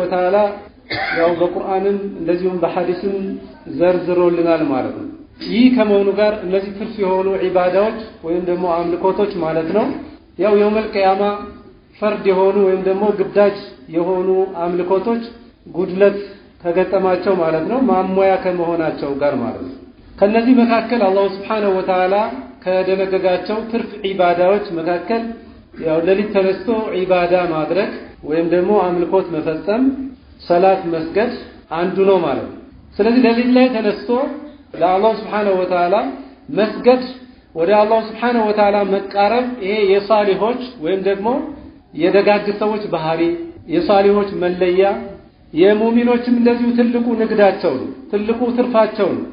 ወተዓላ ያው በቁርአንም እንደዚሁም በሐዲስም ዘርዝሮልናል ማለት ነው። ይህ ከመሆኑ ጋር እነዚህ ትርፍ የሆኑ ዒባዳዎች ወይም ደግሞ አምልኮቶች ማለት ነው ያው የውመል ቅያማ ፈርድ የሆኑ ወይም ደግሞ ግዳጅ የሆኑ አምልኮቶች ጉድለት ከገጠማቸው ማለት ነው ማሟያ ከመሆናቸው ጋር ማለት ነው። ከነዚህ መካከል አላሁ ስብሓነሁ ወተዓላ ከደነገጋቸው ትርፍ ዒባዳዎች መካከል ያው ሌሊት ተነስቶ ዒባዳ ማድረግ ወይም ደግሞ አምልኮት መፈጸም ሰላት መስገድ አንዱ ነው ማለት ነው። ስለዚህ ለሊት ላይ ተነስቶ ለአላህ ስብሓነሁ ወተዓላ መስገድ ወደ አላህ ስብሓነሁ ወተዓላ መቃረብ ይሄ የሳሊሆች ወይም ደግሞ የደጋግ ሰዎች ባህሪ የሳሊሆች መለያ የሙሚኖችም እንደዚሁ ትልቁ ንግዳቸው ነው፣ ትልቁ ትርፋቸው ነው።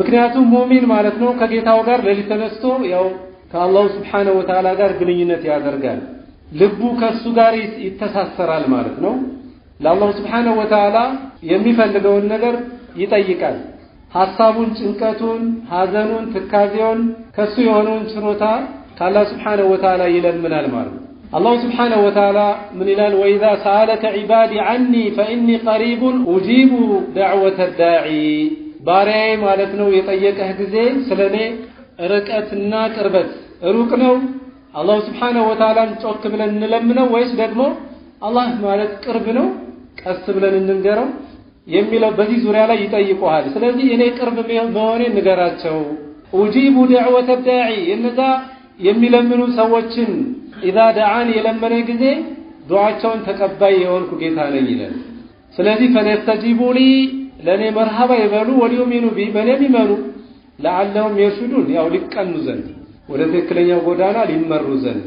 ምክንያቱም ሙሚን ማለት ነው ከጌታው ጋር ለሊት ተነስቶ ያው ከአላሁ ስብሓነሁ ወተዓላ ጋር ግንኙነት ያደርጋል። ልቡ ከሱ ጋር ይተሳሰራል ማለት ነው። ለአላሁ ስብሓነሁ ወተዓላ የሚፈልገውን ነገር ይጠይቃል። ሐሳቡን፣ ጭንቀቱን፣ ሐዘኑን፣ ትካዜውን ከሱ የሆነውን ችሮታ ከአላህ ስብሓነሁ ወተዓላ ይለምናል ማለት ነው። አላሁ ስብሓነሁ ወተዓላ ምን ይላል? ወኢዛ ሰአለከ ዒባዲ ዐኒ ፈኢኒ ቀሪቡን ኡጂቡ ደዕወተ ዳዒ ባሪያዬ ማለት ነው የጠየቀህ ጊዜ ስለ እኔ ርቀትና ቅርበት ሩቅ ነው አላሁ ስብሓነሁ ወተዓላን ጮክ ብለን እንለምነው ወይስ ደግሞ አላህ ማለት ቅርብ ነው ቀስ ብለን እንንገረው የሚለው በዚህ ዙሪያ ላይ ይጠይቀዋል። ስለዚህ እኔ ቅርብ መሆኔ ንገራቸው። ኡጂቡ ደዕወተ ዳዒ እነዛ የሚለምኑ ሰዎችን ኢዛ ደዓን የለመነ ጊዜ ዱዓቸውን ተቀባይ የሆንኩ ጌታ ነኝ ይላል። ስለዚህ ፈለየስተጂቡ ሊ ለእኔ መርሃባ ይበሉ፣ ወሊዩሚኑ ቢ በእኔም ይመኑ፣ ለዓለሁም የርሹዱን ያው ሊቀኑ ዘንድ ወደ ትክክለኛው ጎዳና ሊመሩ ዘንድ።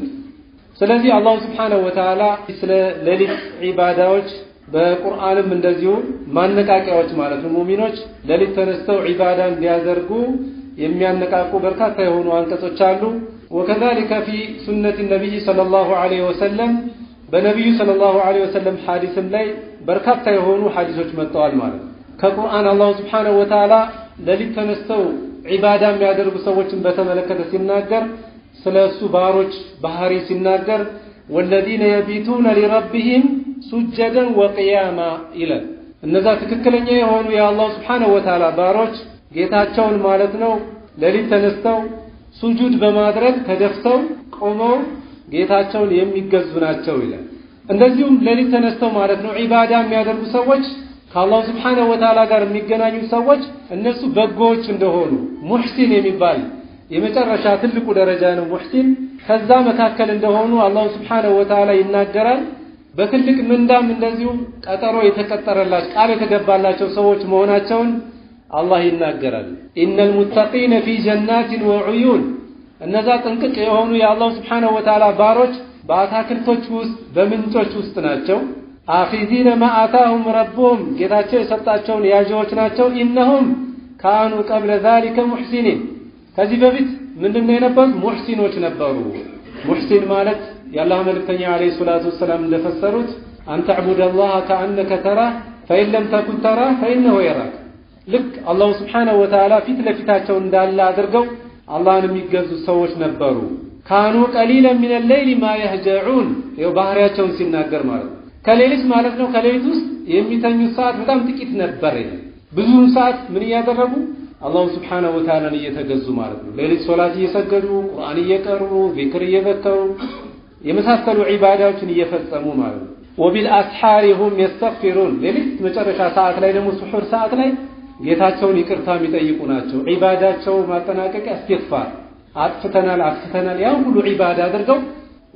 ስለዚህ አላሁ ስብሓነሁ ወተዓላ ስለ ሌሊት ዒባዳዎች በቁርአንም እንደዚሁ ማነቃቂያዎች ማለት ነው። ሙሚኖች ሌሊት ተነስተው ዒባዳ እንዲያደርጉ የሚያነቃቁ በርካታ የሆኑ አንቀጾች አሉ። ወከዛሊከ ፊ ሱነት ነቢይ ሰለላሁ ዐለይሂ ወሰለም በነቢዩ ሰለላሁ ዐለይሂ ወሰለም ሐዲስም ላይ በርካታ የሆኑ ሐዲሶች መጥተዋል ማለት ነው። ከቁርአን አላሁ ስብሓነሁ ወተዓላ ሌሊት ተነስተው ዒባዳ የሚያደርጉ ሰዎችን በተመለከተ ሲናገር ስለ እሱ ባሮች ባህሪ ሲናገር ወለዚነ የቢቱነ ሊረብህም ሱጀደን ወቅያማ ይላል። እነዛ ትክክለኛ የሆኑ የአላሁ ስብሓነሁ ወተዓላ ባሮች ጌታቸውን ማለት ነው ሌሊት ተነስተው ሱጁድ በማድረግ ተደፍተው ቆመው ጌታቸውን የሚገዙ ናቸው ይላል። እንደዚሁም ሌሊት ተነስተው ማለት ነው ዒባዳ የሚያደርጉ ሰዎች ከአላህ ስብሓነሁ ወተዓላ ጋር የሚገናኙ ሰዎች እነሱ በጎዎች እንደሆኑ ሙሕሲን የሚባል የመጨረሻ ትልቁ ደረጃ ነው። ሙሕሲን ከዛ መካከል እንደሆኑ አላሁ ስብሓነሁ ወተዓላ ይናገራል። በትልቅ ምንዳም እንደዚሁ ቀጠሮ የተቀጠረላቸው ቃል የተገባላቸው ሰዎች መሆናቸውን አላህ ይናገራል። ኢነል ሙተቂነ ፊ ጀናቲን ወዑዩን እነዛ ጥንቅቅ የሆኑ የአላሁ ስብሓነሁ ወተዓላ ባሮች በአታክልቶች ውስጥ በምንጮች ውስጥ ናቸው። አኺዚነ ማአታሁም ረቡም ጌታቸው የሰጣቸውን ያዥዎች ናቸው። ኢነሁም ካኑ ቀብለ ዛሊከ ሙሕሲኒን ከዚህ በፊት ምንድን ነው የነበሩት? ሙሕሲኖች ነበሩ። ሙሕሲን ማለት የአላህ መልእክተኛ ዓለይሂ ሰላቱ ወሰላም እንደፈሰሩት አንተዕቡደ ላህ ከአነከ ተራህ ፈኢን ለም ተኩን ተራህ ፈኢነሁ የራክ ልክ አላሁ ስብሓነሁ ወተዓላ ፊት ለፊታቸው እንዳለ አድርገው አላህን የሚገዙ ሰዎች ነበሩ። ካኑ ቀሊለን ሚነል ሌይሊ ማ የህጀዑን ይኸው ባህሪያቸውን ሲናገር ማለት ነው። ከሌሊት ማለት ነው። ከሌሊት ውስጥ የሚተኙት ሰዓት በጣም ጥቂት ነበር። ብዙውን ሰዓት ምን እያደረጉ አላሁ ስብሓነሁ ወተዓላን እየተገዙ ማለት ነው። ሌሊት ሶላት እየሰገዱ ቁርአን እየቀሩ ዚክር እየዘከሩ የመሳሰሉ ዒባዳዎችን እየፈጸሙ ማለት ነው። ወቢል ሁም የስተግፊሩን ሌሊት መጨረሻ ሰዓት ላይ ደግሞ ስሑር ሰዓት ላይ ጌታቸውን ይቅርታ የሚጠይቁ ናቸው። ዒባዳቸው ማጠናቀቂያ እስትግፋር፣ አጥፍተናል፣ አክስተናል ያ ሁሉ ዒባዳ አድርገው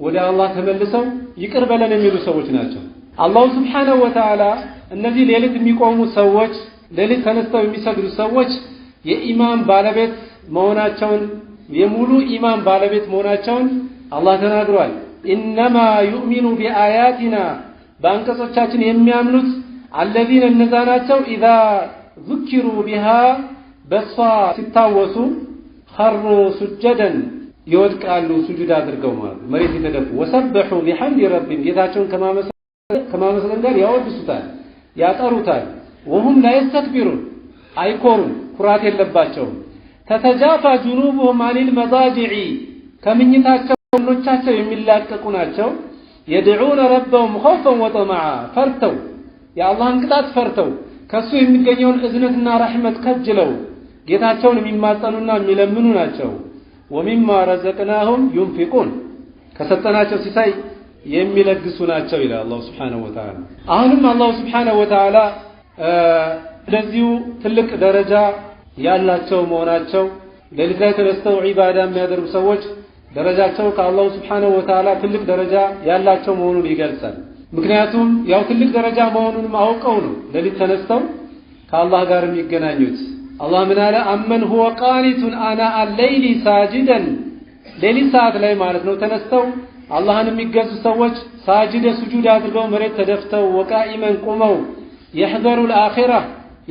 ወደ አላህ ተመልሰው ይቅር በለን የሚሉ ሰዎች ናቸው። አላሁ ስብሓነሁ ወተዓላ እነዚህ ሌሊት የሚቆሙ ሰዎች፣ ሌሊት ተነስተው የሚሰግዱ ሰዎች የኢማን ባለቤት መሆናቸውን የሙሉ ኢማን ባለቤት መሆናቸውን አላህ ተናግሯል። ኢነማ ዩእሚኑ ቢአያቲና በአንቀጾቻችን የሚያምኑት አለዚነ እነዛ ናቸው ኢዛ ዙኪሩ ቢሃ በሷ ሲታወሱ ኸሩ ሱጀደን ይወድቃሉ፣ ሱጁድ አድርገው ማለት መሬት የተደፉ ወሰበሑ ቢሐምድ ረቢም ጌታቸውን ከማመሰ ከማመስገን ጋር ያወድሱታል፣ ያጠሩታል። ወሁም ላይስተክቢሩን አይኮሩም፣ ኩራት የለባቸውም። ተተጃፋ ጁኑቡሁም አኒል መዛጂዒ ከምኝታቸው ኖቻቸው የሚላቀቁ ናቸው። የድዑነ ረበሁም ኸውፈን ወጠመዓ ፈርተው የአላህን ቅጣት ፈርተው ከእሱ የሚገኘውን እዝነትና ረሕመት ከጅለው ጌታቸውን የሚማጸኑና የሚለምኑ ናቸው። ወሚማ ረዘቅናሁም ዩንፊቁን ከሰጠናቸው ሲሳይ የሚለግሱ ናቸው ይላል አላሁ ስብሓነሁ ወተዓላ። አሁንም አላሁ ስብሓነሁ ወተዓላ ስለዚሁ ትልቅ ደረጃ ያላቸው መሆናቸው ሌሊት ላይ ተነስተው ዒባዳ የሚያደርጉ ሰዎች ደረጃቸው ከአላሁ ስብሓነሁ ወተዓላ ትልቅ ደረጃ ያላቸው መሆኑን ይገልጻል። ምክንያቱም ያው ትልቅ ደረጃ መሆኑንም አውቀው ነው ሌሊት ተነስተው ከአላህ ጋር የሚገናኙት። አላህ ምን አለ? አመን ሁወ ቃኒቱን አና አለይሊ ሳጅደን ሌሊት ሰዓት ላይ ማለት ነው ተነስተው አላህን የሚገዙ ሰዎች ሳጅደ ስጁድ አድርገው መሬት ተደፍተው ወቃኢመን ቁመው የሕዘሩ ልአኼራ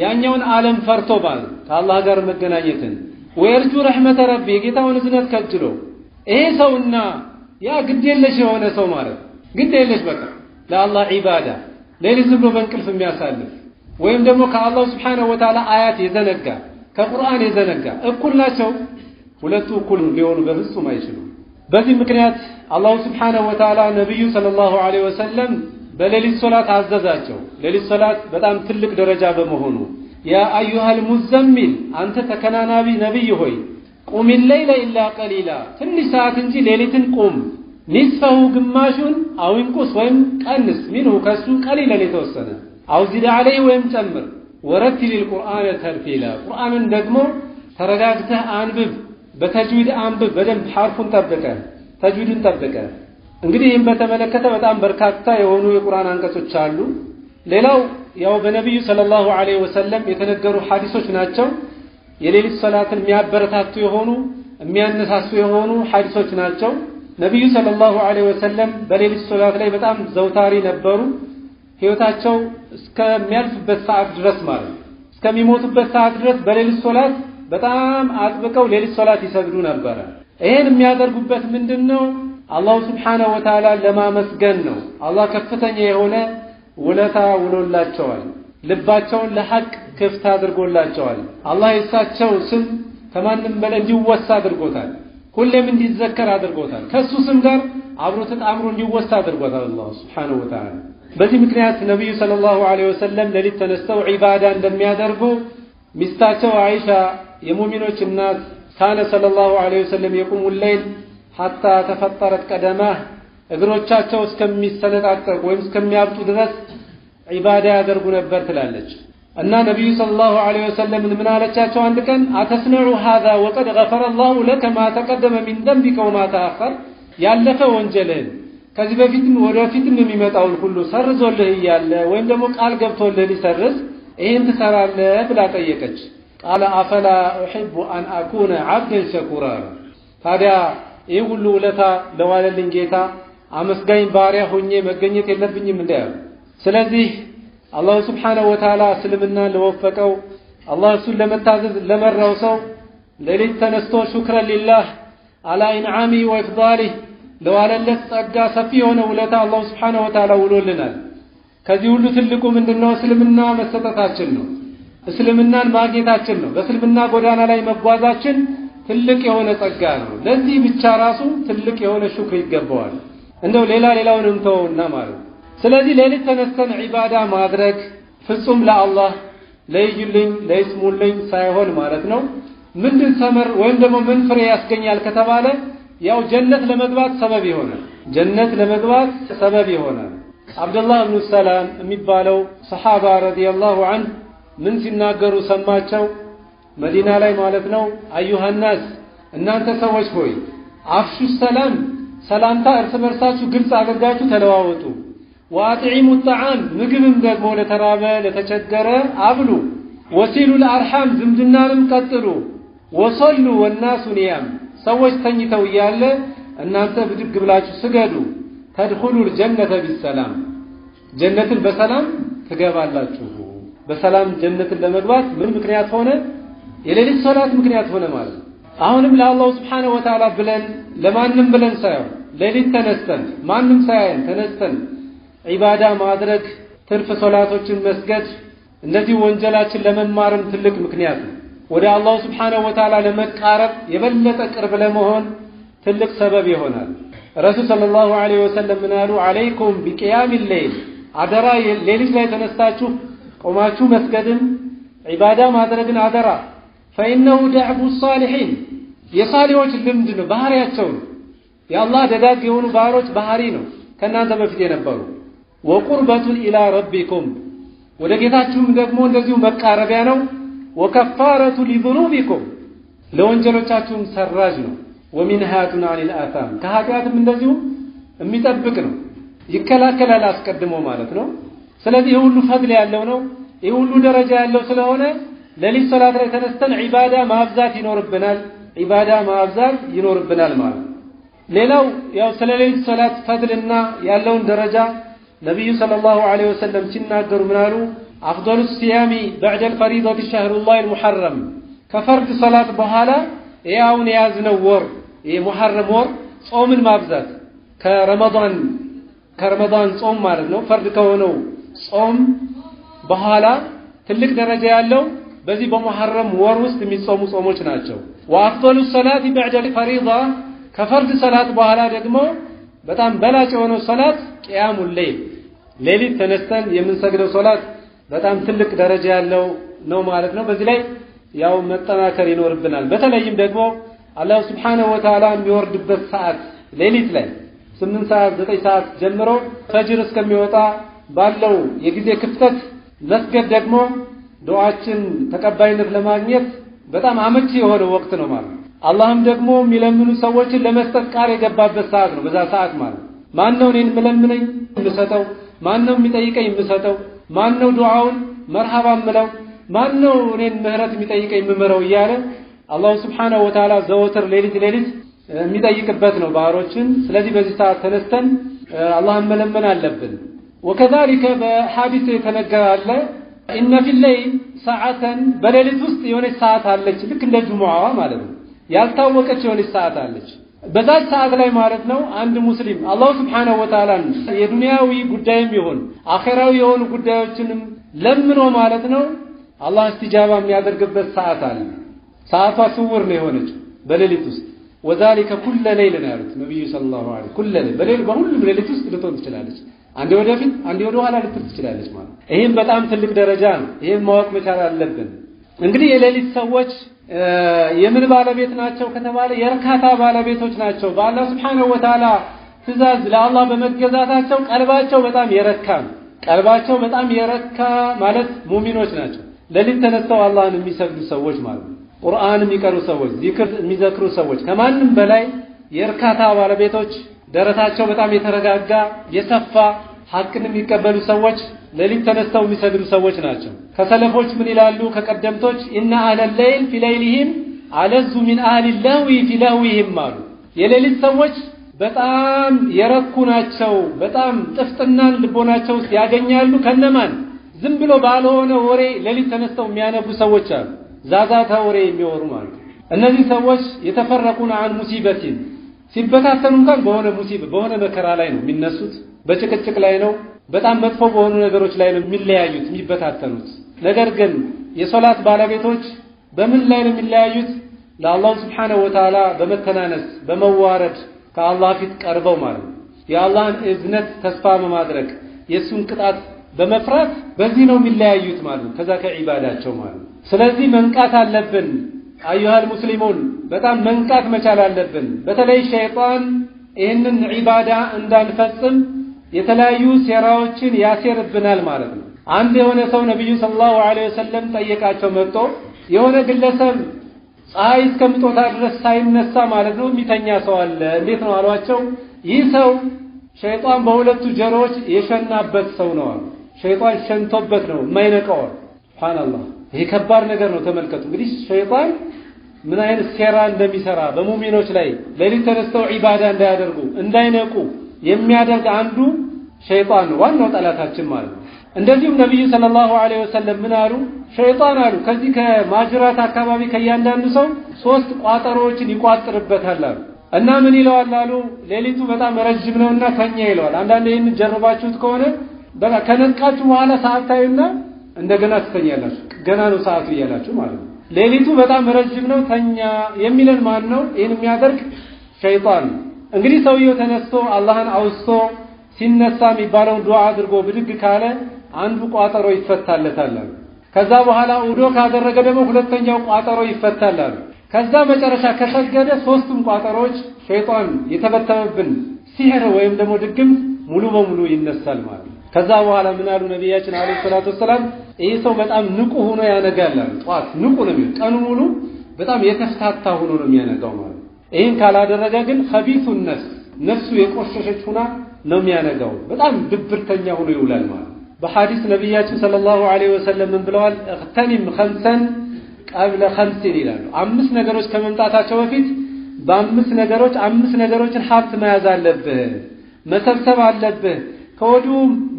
ያኛውን ዓለም ፈርቶ ባል ከአላህ ጋር መገናኘትን ወየርጁ ረሕመተ ረቢ የጌታውን እዝነት ከጅሎ ይሄ ሰውና ያ ግድ የለሽ የሆነ ሰው ማለት ግድ የለሽ በቃ ለአላህ ዒባዳ ሌሊት ዝም ብሎ በእንቅልፍ የሚያሳልፍ ወይም ደግሞ ከአላሁ ስብሓነሁ ወተዓላ አያት የዘነጋ ከቁርአን የዘነጋ እኩል ናቸው። ሁለቱ እኩል ሊሆኑ በፍጹም አይችሉም። በዚህ ምክንያት አላሁ ስብሓነሁ ወተዓላ ነቢዩ ሰለላሁ ዐለይሂ ወሰለም በሌሊት ሶላት አዘዛቸው። ሌሊት ሶላት በጣም ትልቅ ደረጃ በመሆኑ ያ አዩሃል ሙዘሚል አንተ ተከናናቢ ነቢይ ሆይ ቁም ለይለ ኢላ ቀሊላ ትንሽ ሰዓት እንጂ ሌሊትን ቁም፣ ኒስፈሁ ግማሹን አዊንቁስ ወይም ቀንስ፣ ሚንሁ ከሱ ቀሊለን የተወሰነ አውዚድ ዐለይህ ወይም ጨምር፣ ወረቲሊል ቁርአነ ተርቲላ ቁርአንን ደግሞ ተረጋግተህ አንብብ በተጅዊድ አንብብ፣ በደንብ ሐርፉን ጠብቀ፣ ተጅዊድን ጠብቀ። እንግዲህ ይህም በተመለከተ በጣም በርካታ የሆኑ የቁርአን አንቀጾች አሉ። ሌላው ያው በነቢዩ ሰለላሁ ዐለይሂ ወሰለም የተነገሩ ሐዲሶች ናቸው። የሌሊት ሰላትን የሚያበረታቱ የሆኑ የሚያነሳሱ የሆኑ ሐዲሶች ናቸው። ነቢዩ ሰለላሁ ዐለይሂ ወሰለም በሌሊት ሶላት ላይ በጣም ዘውታሪ ነበሩ። ሕይወታቸው እስከሚያልፍበት ሰዓት ድረስ ማለት እስከሚሞቱበት ሰዓት ድረስ በሌሊት ሶላት በጣም አጥብቀው ሌሊት ሶላት ይሰግዱ ነበረ። ይህን የሚያደርጉበት ምንድን ነው? አላሁ ስብሓነሁ ወተዓላ ለማመስገን ነው። አላህ ከፍተኛ የሆነ ውለታ ውሎላቸዋል። ልባቸውን ለሐቅ ክፍት አድርጎላቸዋል። አላህ የእሳቸው ስም ከማንም በላይ እንዲወሳ አድርጎታል። ሁሌም እንዲዘከር አድርጎታል። ከእሱ ስም ጋር አብሮ ተጣምሮ እንዲወሳ አድርጎታል አላህ ስብሓነሁ ወተዓላ። በዚህ ምክንያት ነቢዩ ሰለላሁ ዐለይሂ ወሰለም ሌሊት ተነስተው ዒባዳ እንደሚያደርጉ ሚስታቸው አይሻ የሙሚኖች እናት ካነ ሰለላሁ ዐለይሂ ወሰለም የቁሙ ሌይል ሐታ ተፈጠረት ቀደማህ እግሮቻቸው እስከሚሰነጣጠቁ ወይም እስከሚያብጡ ድረስ ዒባዳ ያደርጉ ነበር ትላለች። እና ነቢዩ ሰለላሁ ዐለይሂ ወሰለም ምን አለቻቸው? አንድ ቀን አተስነዑ ሃዛ ወቀድ ገፈረ ላሁ ለከ ማ ተቀደመ ሚን ደንቢከ ወማ ተአኸር፣ ያለፈ ወንጀልህን ከዚህ በፊትም ወደፊትም የሚመጣውን ሁሉ ሰርዞልህ እያለ ወይም ደግሞ ቃል ገብቶልህ ሊሰርዝ ይህን ትሰራለህ ብላ ጠየቀች። ቃለ አፈላ ኡሕቡ አን አኩነ ዓብደን ሸኩራ ታዲያ ይህ ሁሉ ውለታ ለዋለልኝ ጌታ አመስጋኝ ባሪያ ሆኜ መገኘት የለብኝም እንደ ስለዚህ አላሁ ስብሓነሁ ወተዓላ እስልምናን ለወፈቀው አላህ እሱን ለመታዘዝ ለመራው ሰው ሌሊት ተነስቶ ሹክረ ሊላህ አላ ኢንዓሚ ወኢፍዳሊህ ለዋለለት ጸጋ ሰፊ የሆነ ውለታ አላሁ ስብሓነሁ ወተዓላ ውሎልናል። ከዚህ ሁሉ ትልቁ ምንድነው? እስልምና መሰጠታችን ነው። እስልምናን ማግኘታችን ነው። በእስልምና ጎዳና ላይ መጓዛችን ትልቅ የሆነ ጸጋ ነው። ለዚህ ብቻ ራሱ ትልቅ የሆነ ሹክር ይገባዋል። እንደው ሌላ ሌላውን እንተውና ማለት ስለዚህ ሌሊት ተነስተን ዒባዳ ማድረግ ፍጹም ለአላህ ለይዩልኝ ለይስሙልኝ ሳይሆን ማለት ነው ምንድን ሰመር ወይም ደግሞ ምን ፍሬ ያስገኛል ከተባለ ያው ጀነት ለመግባት ሰበብ ይሆናል። ጀነት ለመግባት ሰበብ ይሆናል። አብዱላህ ብኑ ሰላም የሚባለው ሰሓባ ረዲየላሁ አንሁ ምን ሲናገሩ ሰማቸው? መዲና ላይ ማለት ነው። አዩሃናስ እናንተ ሰዎች ሆይ አፍሹ ሰላም ሰላምታ እርስ በርሳችሁ ግልጽ አድርጋችሁ ተለዋወጡ። ወአጥዒሙ ጣዓም ምግብም ደግሞ ለተራበ ለተቸገረ አብሉ። ወሲሉ ለአርሓም ዝምድናንም ቀጥሉ። ወሰሉ ወናሱ ኒያም ሰዎች ተኝተው እያለ እናንተ ብድግ ብላችሁ ስገዱ። ተድኹሉል ጀነተ ቢሰላም ጀነትን በሰላም ትገባላችሁ። በሰላም ጀነትን ለመግባት ምን ምክንያት ሆነ? የሌሊት ሶላት ምክንያት ሆነ ማለት ነው። አሁንም ለአላሁ ስብሓነሁ ወተዓላ ብለን ለማንም ብለን ሳይሆን ሌሊት ተነስተን ማንም ሳያየን ተነስተን ዒባዳ ማድረግ ትርፍ ሶላቶችን መስገድ እንደዚህ ወንጀላችን ለመማርም ትልቅ ምክንያት ነው። ወደ አላሁ ስብሓነሁ ወተዓላ ለመቃረብ የበለጠ ቅርብ ለመሆን ትልቅ ሰበብ ይሆናል። ረሱል ሰለላሁ ዐለይሂ ወሰለም ምን አሉ? ቢቅያሚ ሌይል፣ አደራ ሌሊት ላይ ተነስታችሁ ቆማችሁ መስገድን ዒባዳ ማድረግን አደራ። ፈኢነሁ ደዕቡ ሳሊሒን የሳሊዎች ልምድ ነው፣ ባህሪያቸው ነው። የአላህ ደጋግ የሆኑ ባህሮች ባህሪ ነው፣ ከእናንተ በፊት የነበሩ ወቁርበቱን ኢላ ረቢኩም ወደ ጌታችሁም ደግሞ እንደዚሁ መቃረቢያ ነው። ወከፋረቱ ሊዙኑቢኩም ለወንጀሎቻችሁም ሰራጅ ነው። ወሚንሃቱን አኒል አታም ከኃጢአትም እንደዚሁ የሚጠብቅ ነው፣ ይከላከላል አስቀድሞ ማለት ነው። ስለዚህ የሁሉ ሁሉ ፈድል ያለው ነው፣ ይህ ሁሉ ደረጃ ያለው ስለሆነ ሌሊት ሶላት ላይ ተነስተን ዒባዳ ማብዛት ይኖርብናል። ዒባዳ ማብዛት ይኖርብናል ማለት ሌላው ያው ስለ ሌሊት ሶላት ፈድልና ያለውን ደረጃ ነቢዩ ሰለላሁ ዐለይሂ ወሰለም ሲናገሩ ምናሉ አፍዶሉ ሲያሚ በዕደል ፈሪዶት ሻህሩላሂል ሙሐረም ከፈርድ ሶላት በኋላ ይህ አሁን የያዝነው ወር ይህ ሙሐረም ወር ጾምን ማብዛት ከረመዳን ከረመዳን ጾም ማለት ነው ፈርድ ከሆነው ጾም በኋላ ትልቅ ደረጃ ያለው በዚህ በሙሐረም ወር ውስጥ የሚጾሙ ጾሞች ናቸው። ወአፍዶሉ ሰላት በዕደል ፈሪዳ ከፈርድ ሰላት በኋላ ደግሞ በጣም በላጭ የሆነው ሰላት ቅያሙ ሌይል ሌሊት ተነስተን የምንሰግደው ሰላት በጣም ትልቅ ደረጃ ያለው ነው ማለት ነው። በዚህ ላይ ያው መጠናከር ይኖርብናል። በተለይም ደግሞ አላህ ሱብሓነሁ ወተዓላ የሚወርድበት ሰዓት ሌሊት ላይ ስምንት ሰዓት ዘጠኝ ሰዓት ጀምሮ ፈጅር እስከሚወጣ ባለው የጊዜ ክፍተት መስገድ ደግሞ ዱዓችን ተቀባይነት ለማግኘት በጣም አመቺ የሆነ ወቅት ነው ማለት ነው። አላህም ደግሞ የሚለምኑ ሰዎችን ለመስጠት ቃል የገባበት ሰዓት ነው። በዛ ሰዓት ማለት ማን ነው እኔን የምለምነኝ የምሰጠው? ማን ነው የሚጠይቀኝ የምሰጠው? ማን ነው ዱዓውን መርሃባ ምለው? ማን ነው እኔን ምህረት የሚጠይቀኝ የምምረው? እያለ አላሁ ስብሓነሁ ወተዓላ ዘወትር ሌሊት ሌሊት የሚጠይቅበት ነው ባህሮችን ስለዚህ በዚህ ሰዓት ተነስተን አላህን መለመን አለብን። ወከዛሊከ በሐዲሱ የተነገረ አለ ኢነ ፊለይል ሰዓተን በሌሊት ውስጥ የሆነች ሰዓት አለች። ልክ እንደ ጅሙዓዋ ማለት ነው። ያልታወቀች የሆነች ሰዓት አለች። በዛች ሰዓት ላይ ማለት ነው አንድ ሙስሊም አላሁ ስብሓነሁ ወተዓላን የዱንያዊ ጉዳይም ይሁን አኼራዊ የሆኑ ጉዳዮችንም ለምኖ ማለት ነው አላህ እስትጃባ የሚያደርግበት ሰዓት አለ። ሰዓቷ ስውር ነው የሆነች በሌሊት ውስጥ ወዛሊከ ኩለ ሌይል ነው ያሉት ነቢዩ ሰለላሁ ዐለይሂ ወሰለም። በሁሉም ሌሊት ውስጥ ልትሆን ትችላለች። አንዴ ወደፊት አንዴ ወደ ኋላ ልትል ትችላለች ማለት ነው። ይህም በጣም ትልቅ ደረጃ ነው። ይህም ማወቅ መቻል አለብን። እንግዲህ የሌሊት ሰዎች የምን ባለቤት ናቸው ከተባለ የእርካታ ባለቤቶች ናቸው። በአላህ ሱብሓነሁ ወተዓላ ትእዛዝ ለአላህ በመገዛታቸው ቀልባቸው በጣም የረካ ነው። ቀልባቸው በጣም የረካ ማለት ሙሚኖች ናቸው። ሌሊት ተነስተው አላህን የሚሰግዱ ሰዎች ማለት ነው። ቁርአን የሚቀሩ ሰዎች፣ ዚክር የሚዘክሩ ሰዎች ከማንም በላይ የእርካታ ባለቤቶች ደረታቸው በጣም የተረጋጋ የሰፋ ሀቅን የሚቀበሉ ሰዎች ሌሊት ተነስተው የሚሰግዱ ሰዎች ናቸው። ከሰለፎች ምን ይላሉ? ከቀደምቶች ኢነ አህለ ለይል ፊ ለይሊሂም አለዙ ሚን አህሊ ለህዊ ፊ ለህዊሂም አሉ። የሌሊት ሰዎች በጣም የረኩ ናቸው። በጣም ጥፍጥናን ልቦናቸው ውስጥ ያገኛሉ። ከነማን ዝም ብሎ ባልሆነ ወሬ ሌሊት ተነስተው የሚያነቡ ሰዎች አሉ። ዛዛታ ወሬ የሚወሩ ማለት እነዚህ ሰዎች የተፈረቁን አን ሙሲበቲን ሲበታተኑ እንኳን በሆነ ሙሲብ በሆነ መከራ ላይ ነው የሚነሱት፣ በጭቅጭቅ ላይ ነው፣ በጣም መጥፎ በሆኑ ነገሮች ላይ ነው የሚለያዩት የሚበታተኑት። ነገር ግን የሶላት ባለቤቶች በምን ላይ ነው የሚለያዩት? ለአላሁ ስብሓነሁ ወተዓላ በመተናነስ በመዋረድ ከአላህ ፊት ቀርበው ማለት ነው። የአላህን እዝነት ተስፋ በማድረግ የእሱን ቅጣት በመፍራት በዚህ ነው የሚለያዩት ማለት ነው፣ ከዛ ከዒባዳቸው ማለት ነው። ስለዚህ መንቃት አለብን አዩሃል ሙስሊሙን በጣም መንቃት መቻል አለብን። በተለይ ሸይጣን ይህንን ዒባዳ እንዳንፈጽም የተለያዩ ሴራዎችን ያሴርብናል ማለት ነው። አንድ የሆነ ሰው ነቢዩ ሰለላሁ ዐለይሂ ወሰለም ጠየቃቸው መጥቶ የሆነ ግለሰብ ፀሐይ እስከምጦታ ድረስ ሳይነሳ ማለት ነው የሚተኛ ሰው አለ፣ እንዴት ነው አሏቸው። ይህ ሰው ሸይጣን በሁለቱ ጀሮዎች የሸናበት ሰው ነው አሉ። ሸይጣን ሸንቶበት ነው የማይነቀዋል። ሱብሓነላህ ይሄ ከባድ ነገር ነው። ተመልከቱ እንግዲህ ሸይጣን ምን አይነት ሴራ እንደሚሰራ በሙሚኖች ላይ ሌሊት ተነስተው ዒባዳ እንዳያደርጉ እንዳይነቁ የሚያደርግ አንዱ ሸይጣን ነው፣ ዋናው ጠላታችን ማለት ነው። እንደዚሁም ነቢዩ ሰለላሁ ዐለይሂ ወሰለም ምን አሉ? ሸይጣን አሉ ከዚህ ከማጅራት አካባቢ ከእያንዳንዱ ሰው ሶስት ቋጠሮዎችን ይቋጥርበታል አሉ እና ምን ይለዋል አሉ ሌሊቱ በጣም ረጅም ነውና ተኛ ይለዋል። አንዳንድ ይህን ጀርባችሁት ከሆነ በቃ ከነቃችሁ በኋላ ሰዓት ታዩና እንደገና ትተኛላችሁ። ገና ነው ሰዓቱ እያላችሁ ማለት ነው። ሌሊቱ በጣም ረጅም ነው ተኛ የሚለን ማን ነው? ይህን የሚያደርግ ሸይጣን። እንግዲህ ሰውየው ተነስቶ አላህን አውስቶ ሲነሳ የሚባለውን ዱዓ አድርጎ ብድግ ካለ አንዱ ቋጠሮ ይፈታለታል። ከዛ በኋላ ውዶ ካደረገ ደግሞ ሁለተኛው ቋጠሮ ይፈታላል። ከዛ መጨረሻ ከሰገደ ሶስቱም ቋጠሮች ሸይጣን የተበተበብን ሲህር ወይም ደግሞ ድግም ሙሉ በሙሉ ይነሳል ማለት ነው። ከዛ በኋላ ምን አሉ ነቢያችን አለይሂ ሰላቱ ወሰላም፣ ይህ ሰው በጣም ንቁ ሆኖ ያነጋል አሉ። ጠዋት ንቁ ነው የሚሆን፣ ቀኑ ሙሉ በጣም የተፍታታ ሆኖ ነው የሚያነጋው ማለት። ይህን ካላደረገ ግን ከቢቱን ነፍስ ነፍሱ የቆሸሸች ሁና ነው የሚያነጋው፣ በጣም ድብርተኛ ሆኖ ይውላል ማለት። በሐዲስ ነቢያችን ሰለላሁ ዐለይሂ ወሰለም ምን ብለዋል? እክተኒም ኸምሰን ቀብለ ኸምሲን ይላሉ። አምስት ነገሮች ከመምጣታቸው በፊት በአምስት ነገሮች አምስት ነገሮችን ሀብት መያዝ አለብህ፣ መሰብሰብ አለብህ ከወዲሁ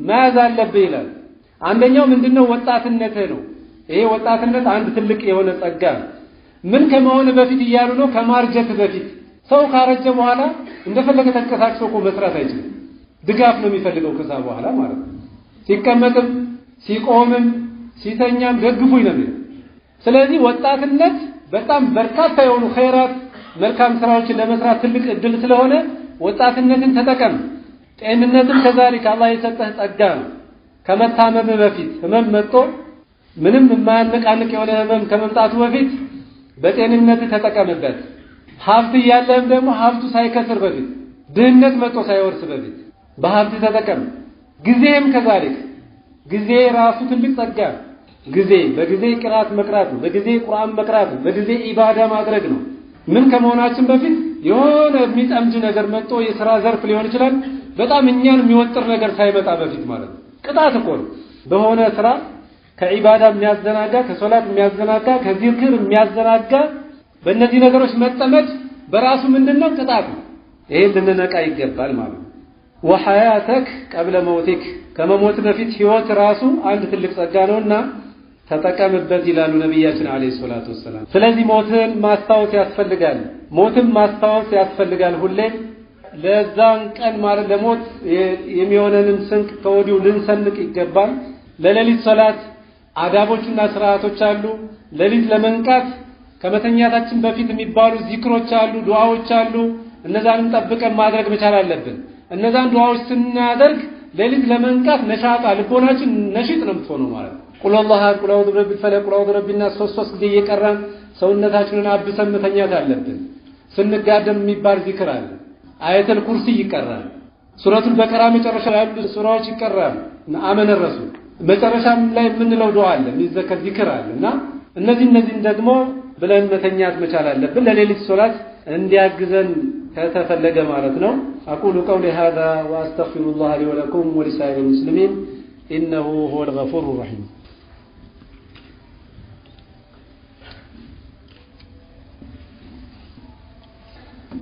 መያዝ አለብህ ይላል። አንደኛው ምንድነው? ወጣትነትህ ነው። ይሄ ወጣትነት አንድ ትልቅ የሆነ ጸጋ ነው። ምን ከመሆን በፊት እያሉ ነው? ከማርጀት በፊት ሰው ካረጀ በኋላ እንደፈለገ ተንቀሳቅሶ እኮ መስራት አይችልም። ድጋፍ ነው የሚፈልገው ከዛ በኋላ ማለት ነው። ሲቀመጥም፣ ሲቆምም፣ ሲተኛም ደግፉኝ ነው የሚለው። ስለዚህ ወጣትነት በጣም በርካታ የሆኑ ኸይራት መልካም ስራዎችን ለመስራት ትልቅ እድል ስለሆነ ወጣትነትን ተጠቀም። ጤንነትም ከዛሊክ አላህ የሰጠህ ጸጋ ነው። ከመታመም በፊት ህመም መጥቶ ምንም የማያነቃንቅ የሆነ ህመም ከመምጣቱ በፊት በጤንነት ተጠቀምበት። ሀብት እያለህም ደግሞ ሀብቱ ሳይከስር በፊት ድህነት መጥቶ ሳይወርስ በፊት በሀብት ተጠቀም። ጊዜህም ከዛሪ ጊዜ ራሱ ትልቅ ጸጋ ነው። ጊዜ በጊዜ ቅራት መቅራት ነው። በጊዜ ቁርአን መቅራት ነው። በጊዜ ኢባዳ ማድረግ ነው። ምን ከመሆናችን በፊት የሆነ የሚጠምድ ነገር መጥቶ የሥራ ዘርፍ ሊሆን ይችላል። በጣም እኛን የሚወጥር ነገር ሳይመጣ በፊት ማለት ነው። ቅጣት እኮ ነው። በሆነ ስራ ከዒባዳ የሚያዘናጋ፣ ከሶላት የሚያዘናጋ፣ ከዚክር የሚያዘናጋ በእነዚህ ነገሮች መጠመድ በራሱ ምንድነው ቅጣት ነው። ይሄን ልንነቃ ይገባል ማለት ነው። ወሐያተክ ቀብለ መውቴክ ከመሞት በፊት ህይወት ራሱ አንድ ትልቅ ጸጋ ነውና ተጠቀምበት ይላሉ ነቢያችን አለይሂ ሰላቱ ወሰላም። ስለዚህ ሞትን ማስታወስ ያስፈልጋል። ሞትን ማስታወስ ያስፈልጋል ሁሌ ለዛን ቀን ማለት ለሞት የሚሆነንን ስንቅ ከወዲሁ ልንሰንቅ ይገባል። ለሌሊት ሶላት አዳቦችና ስርዓቶች አሉ። ሌሊት ለመንቃት ከመተኛታችን በፊት የሚባሉ ዚክሮች አሉ፣ ዱዓዎች አሉ። እነዛንም ጠብቀን ማድረግ መቻል አለብን። እነዛን ዱዓዎች ስናደርግ ሌሊት ለመንቃት ነሻጣ ልቦናችን ነሽጥ ነው የምትሆነው ማለት ነው። ቁለላህ ቁላውድ ረቢ ፈለቅ ቁላውድ ረቢና ሶስት ሶስት ጊዜ እየቀራን ሰውነታችንን አብሰን መተኛት አለብን። ስንጋደም የሚባል ዚክር አለ። አየተል ኩርሲ ይቀራል። ሱረቱል በቀራ መጨረሻ ላይ ያሉ ሱራዎች ይቀራሉ። አመነ ረሱል መጨረሻም ላይ የምንለው ዱዓ አለ፣ የሚዘከር ዚክር አለ እና እነዚህ እነዚህን ደግሞ ብለን መተኛት መቻል አለብን። ለሌሊት ሶላት እንዲያግዘን كتفلق معلتنا أقول قولي هذا وأستغفر الله لي ولكم ولسائر المسلمين إنه هو الغفور الرحيم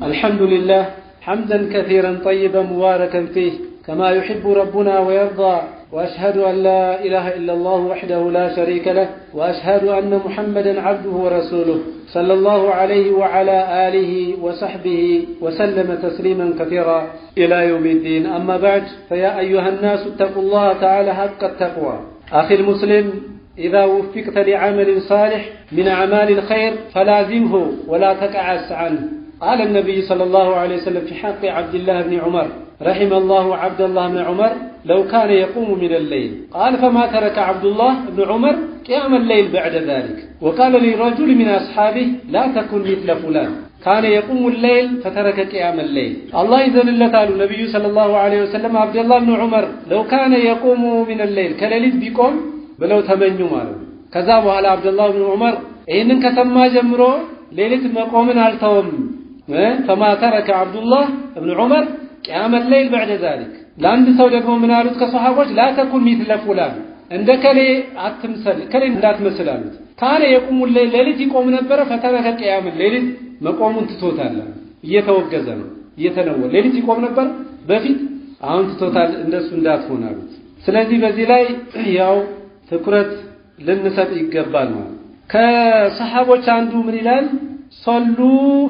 الحمد لله حمدا كثيرا طيبا مباركا فيه كما يحب ربنا ويرضى وأشهد أن لا إله إلا الله وحده لا شريك له وأشهد أن محمدا عبده ورسوله صلى الله عليه وعلى آله وصحبه وسلم تسليما كثيرا إلى يوم الدين أما بعد فيا أيها الناس اتقوا الله تعالى حق التقوى أخي المسلم إذا وفقت لعمل صالح من أعمال الخير فلازمه ولا تكعس عنه قال النبي صلى الله عليه وسلم في حق عبد الله بن عمر رحم الله عبد الله بن عمر لو كان يقوم من الليل قال فما ترك عبد الله بن عمر قيام الليل بعد ذلك وقال لرجل من أصحابه لا تكن مثل فلان كان يقوم الليل فترك قيام الليل الله يذل تعالى النبي صلى الله عليه وسلم عبد الله بن عمر لو كان يقوم من الليل كليلت بيقوم ብለው ተመኙ ማለት ነው። ከዛ በኋላ አብደላህ ብን ዑመር ይህንን ከሰማ ጀምሮ ሌሊት التوم فما ترك عبد الله بن عمر ቅያመል ለይል በዕደ ዛሊክ ለአንድ ሰው ደግሞ ምን አሉት ከሰሃቦች ላ ተኩን ሚስለ ፉላን እንደ ከሌ አትምሰል ከሌ እንዳትመስል አሉት። ካለ የቁሙ ሌሊት ይቆም ነበረ ፈተረከ ቅያመል ሌሊት መቆሙን ትቶታል። እየተወገዘ ነው እየተነወረ ሌሊት ይቆም ነበር በፊት አሁን ትቶታል። እንደሱ እንዳትሆን አሉት። ስለዚህ በዚህ ላይ ያው ትኩረት ልንሰጥ ይገባል ማለት ከሰሓቦች አንዱ ምን ይላል? ሰሉ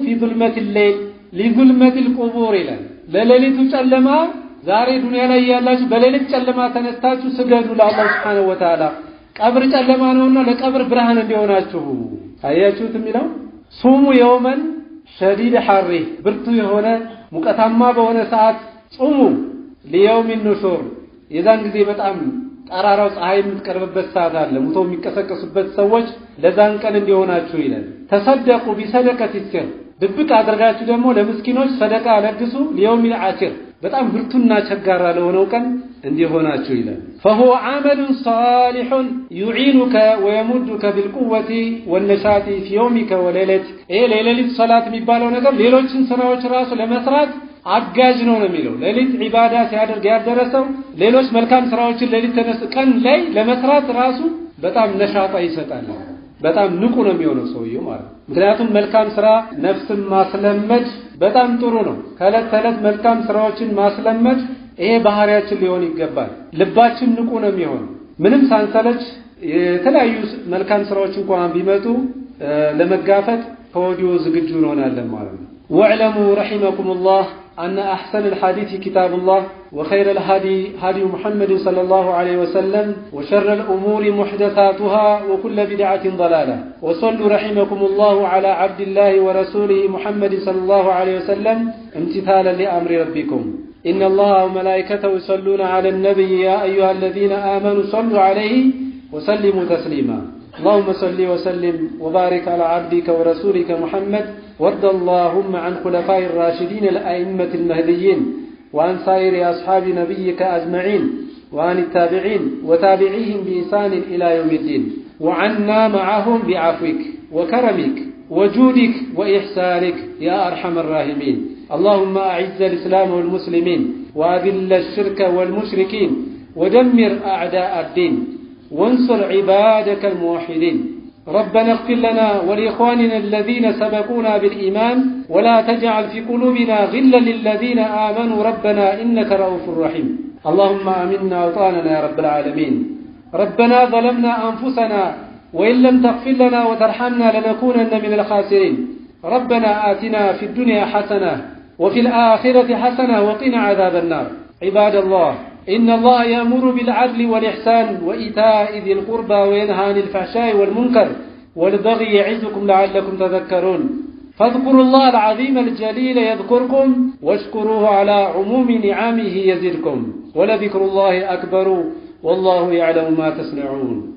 ፊ ዙልመት ሌይል ሊዙልመት ልቁቡር ይላል በሌሊቱ ጨለማ ዛሬ ዱንያ ላይ ያላችሁ በሌሊት ጨለማ ተነስታችሁ ስገዱ ለአላህ ሱብሓነሁ ወተዓላ። ቀብር ጨለማ ነውና ለቀብር ብርሃን እንዲሆናችሁ። አያችሁት የሚለው ሱሙ የውመን ሸዲድ ሐሪ ብርቱ የሆነ ሙቀታማ በሆነ ሰዓት ጹሙ ሊየውሚ ኑሹር። የዛን ጊዜ በጣም ጠራራው ፀሐይ የምትቀርብበት ሰዓት አለ፣ ሙቶ የሚቀሰቀሱበት ሰዎች ለዛን ቀን እንዲሆናችሁ ይላል። ተሰደቁ ቢሰደቀት ይስር ድብቅ አድርጋችሁ ደግሞ ለምስኪኖች ሰደቃ ለግሱ ሊየውሚል አሲር በጣም ብርቱና ቸጋራ ለሆነው ቀን እንዲሆናችሁ ይላል። ፈሁወ አመሉን ሳሊሑን ዩዒኑከ ወየሙዱከ ቢልቁወቲ ወነሻጢ ፊ የውሚከ ወሌለት። ይሄ የሌሊት ሰላት የሚባለው ነገር ሌሎችን ስራዎች ራሱ ለመስራት አጋዥ ነው ነው የሚለው። ሌሊት ዒባዳ ሲያደርግ ያደረሰው ሌሎች መልካም ስራዎችን ሌሊት ተነስ ቀን ላይ ለመስራት ራሱ በጣም ነሻጣ ይሰጣል። በጣም ንቁ ነው የሚሆነው ሰውየው ማለት ነው። ምክንያቱም መልካም ስራ ነፍስን ማስለመድ በጣም ጥሩ ነው። ከእለት ተዕለት መልካም ስራዎችን ማስለመድ ይሄ ባህሪያችን ሊሆን ይገባል። ልባችን ንቁ ነው የሚሆነው ምንም ሳንሰለች የተለያዩ መልካም ስራዎች እንኳን ቢመጡ ለመጋፈጥ ከወዲሁ ዝግጁ እንሆናለን ማለት ነው። ወዕለሙ ረሒመኩም أن أحسن الحديث كتاب الله وخير الهدي هدي محمد صلى الله عليه وسلم وشر الأمور محدثاتها وكل بدعة ضلالة وصلوا رحمكم الله على عبد الله ورسوله محمد صلى الله عليه وسلم امتثالا لأمر ربكم إن الله وملائكته يصلون على النبي يا أيها الذين آمنوا صلوا عليه وسلموا تسليما اللهم صل وسلم وبارك على عبدك ورسولك محمد وارض اللهم عن خلفاء الراشدين الأئمة المهديين وعن سائر أصحاب نبيك أجمعين وعن التابعين وتابعيهم بإحسان إلى يوم الدين وعنا معهم بعفوك وكرمك وجودك وإحسانك يا أرحم الراحمين اللهم أعز الإسلام والمسلمين وأذل الشرك والمشركين ودمر أعداء الدين وانصر عبادك الموحدين ربنا اغفر لنا ولإخواننا الذين سبقونا بالإيمان ولا تجعل في قلوبنا غلا للذين آمنوا ربنا إنك رؤوف رحيم اللهم آمنا وطاننا يا رب العالمين ربنا ظلمنا أنفسنا وإن لم تغفر لنا وترحمنا لنكونن من الخاسرين ربنا آتنا في الدنيا حسنة وفي الآخرة حسنة وقنا عذاب النار عباد الله إن الله يأمر بالعدل والإحسان وإيتاء ذي القربى وينهى عن الفحشاء والمنكر والبغي يعزكم لعلكم تذكرون فاذكروا الله العظيم الجليل يذكركم واشكروه على عموم نعمه يزدكم ولذكر الله أكبر والله يعلم ما تصنعون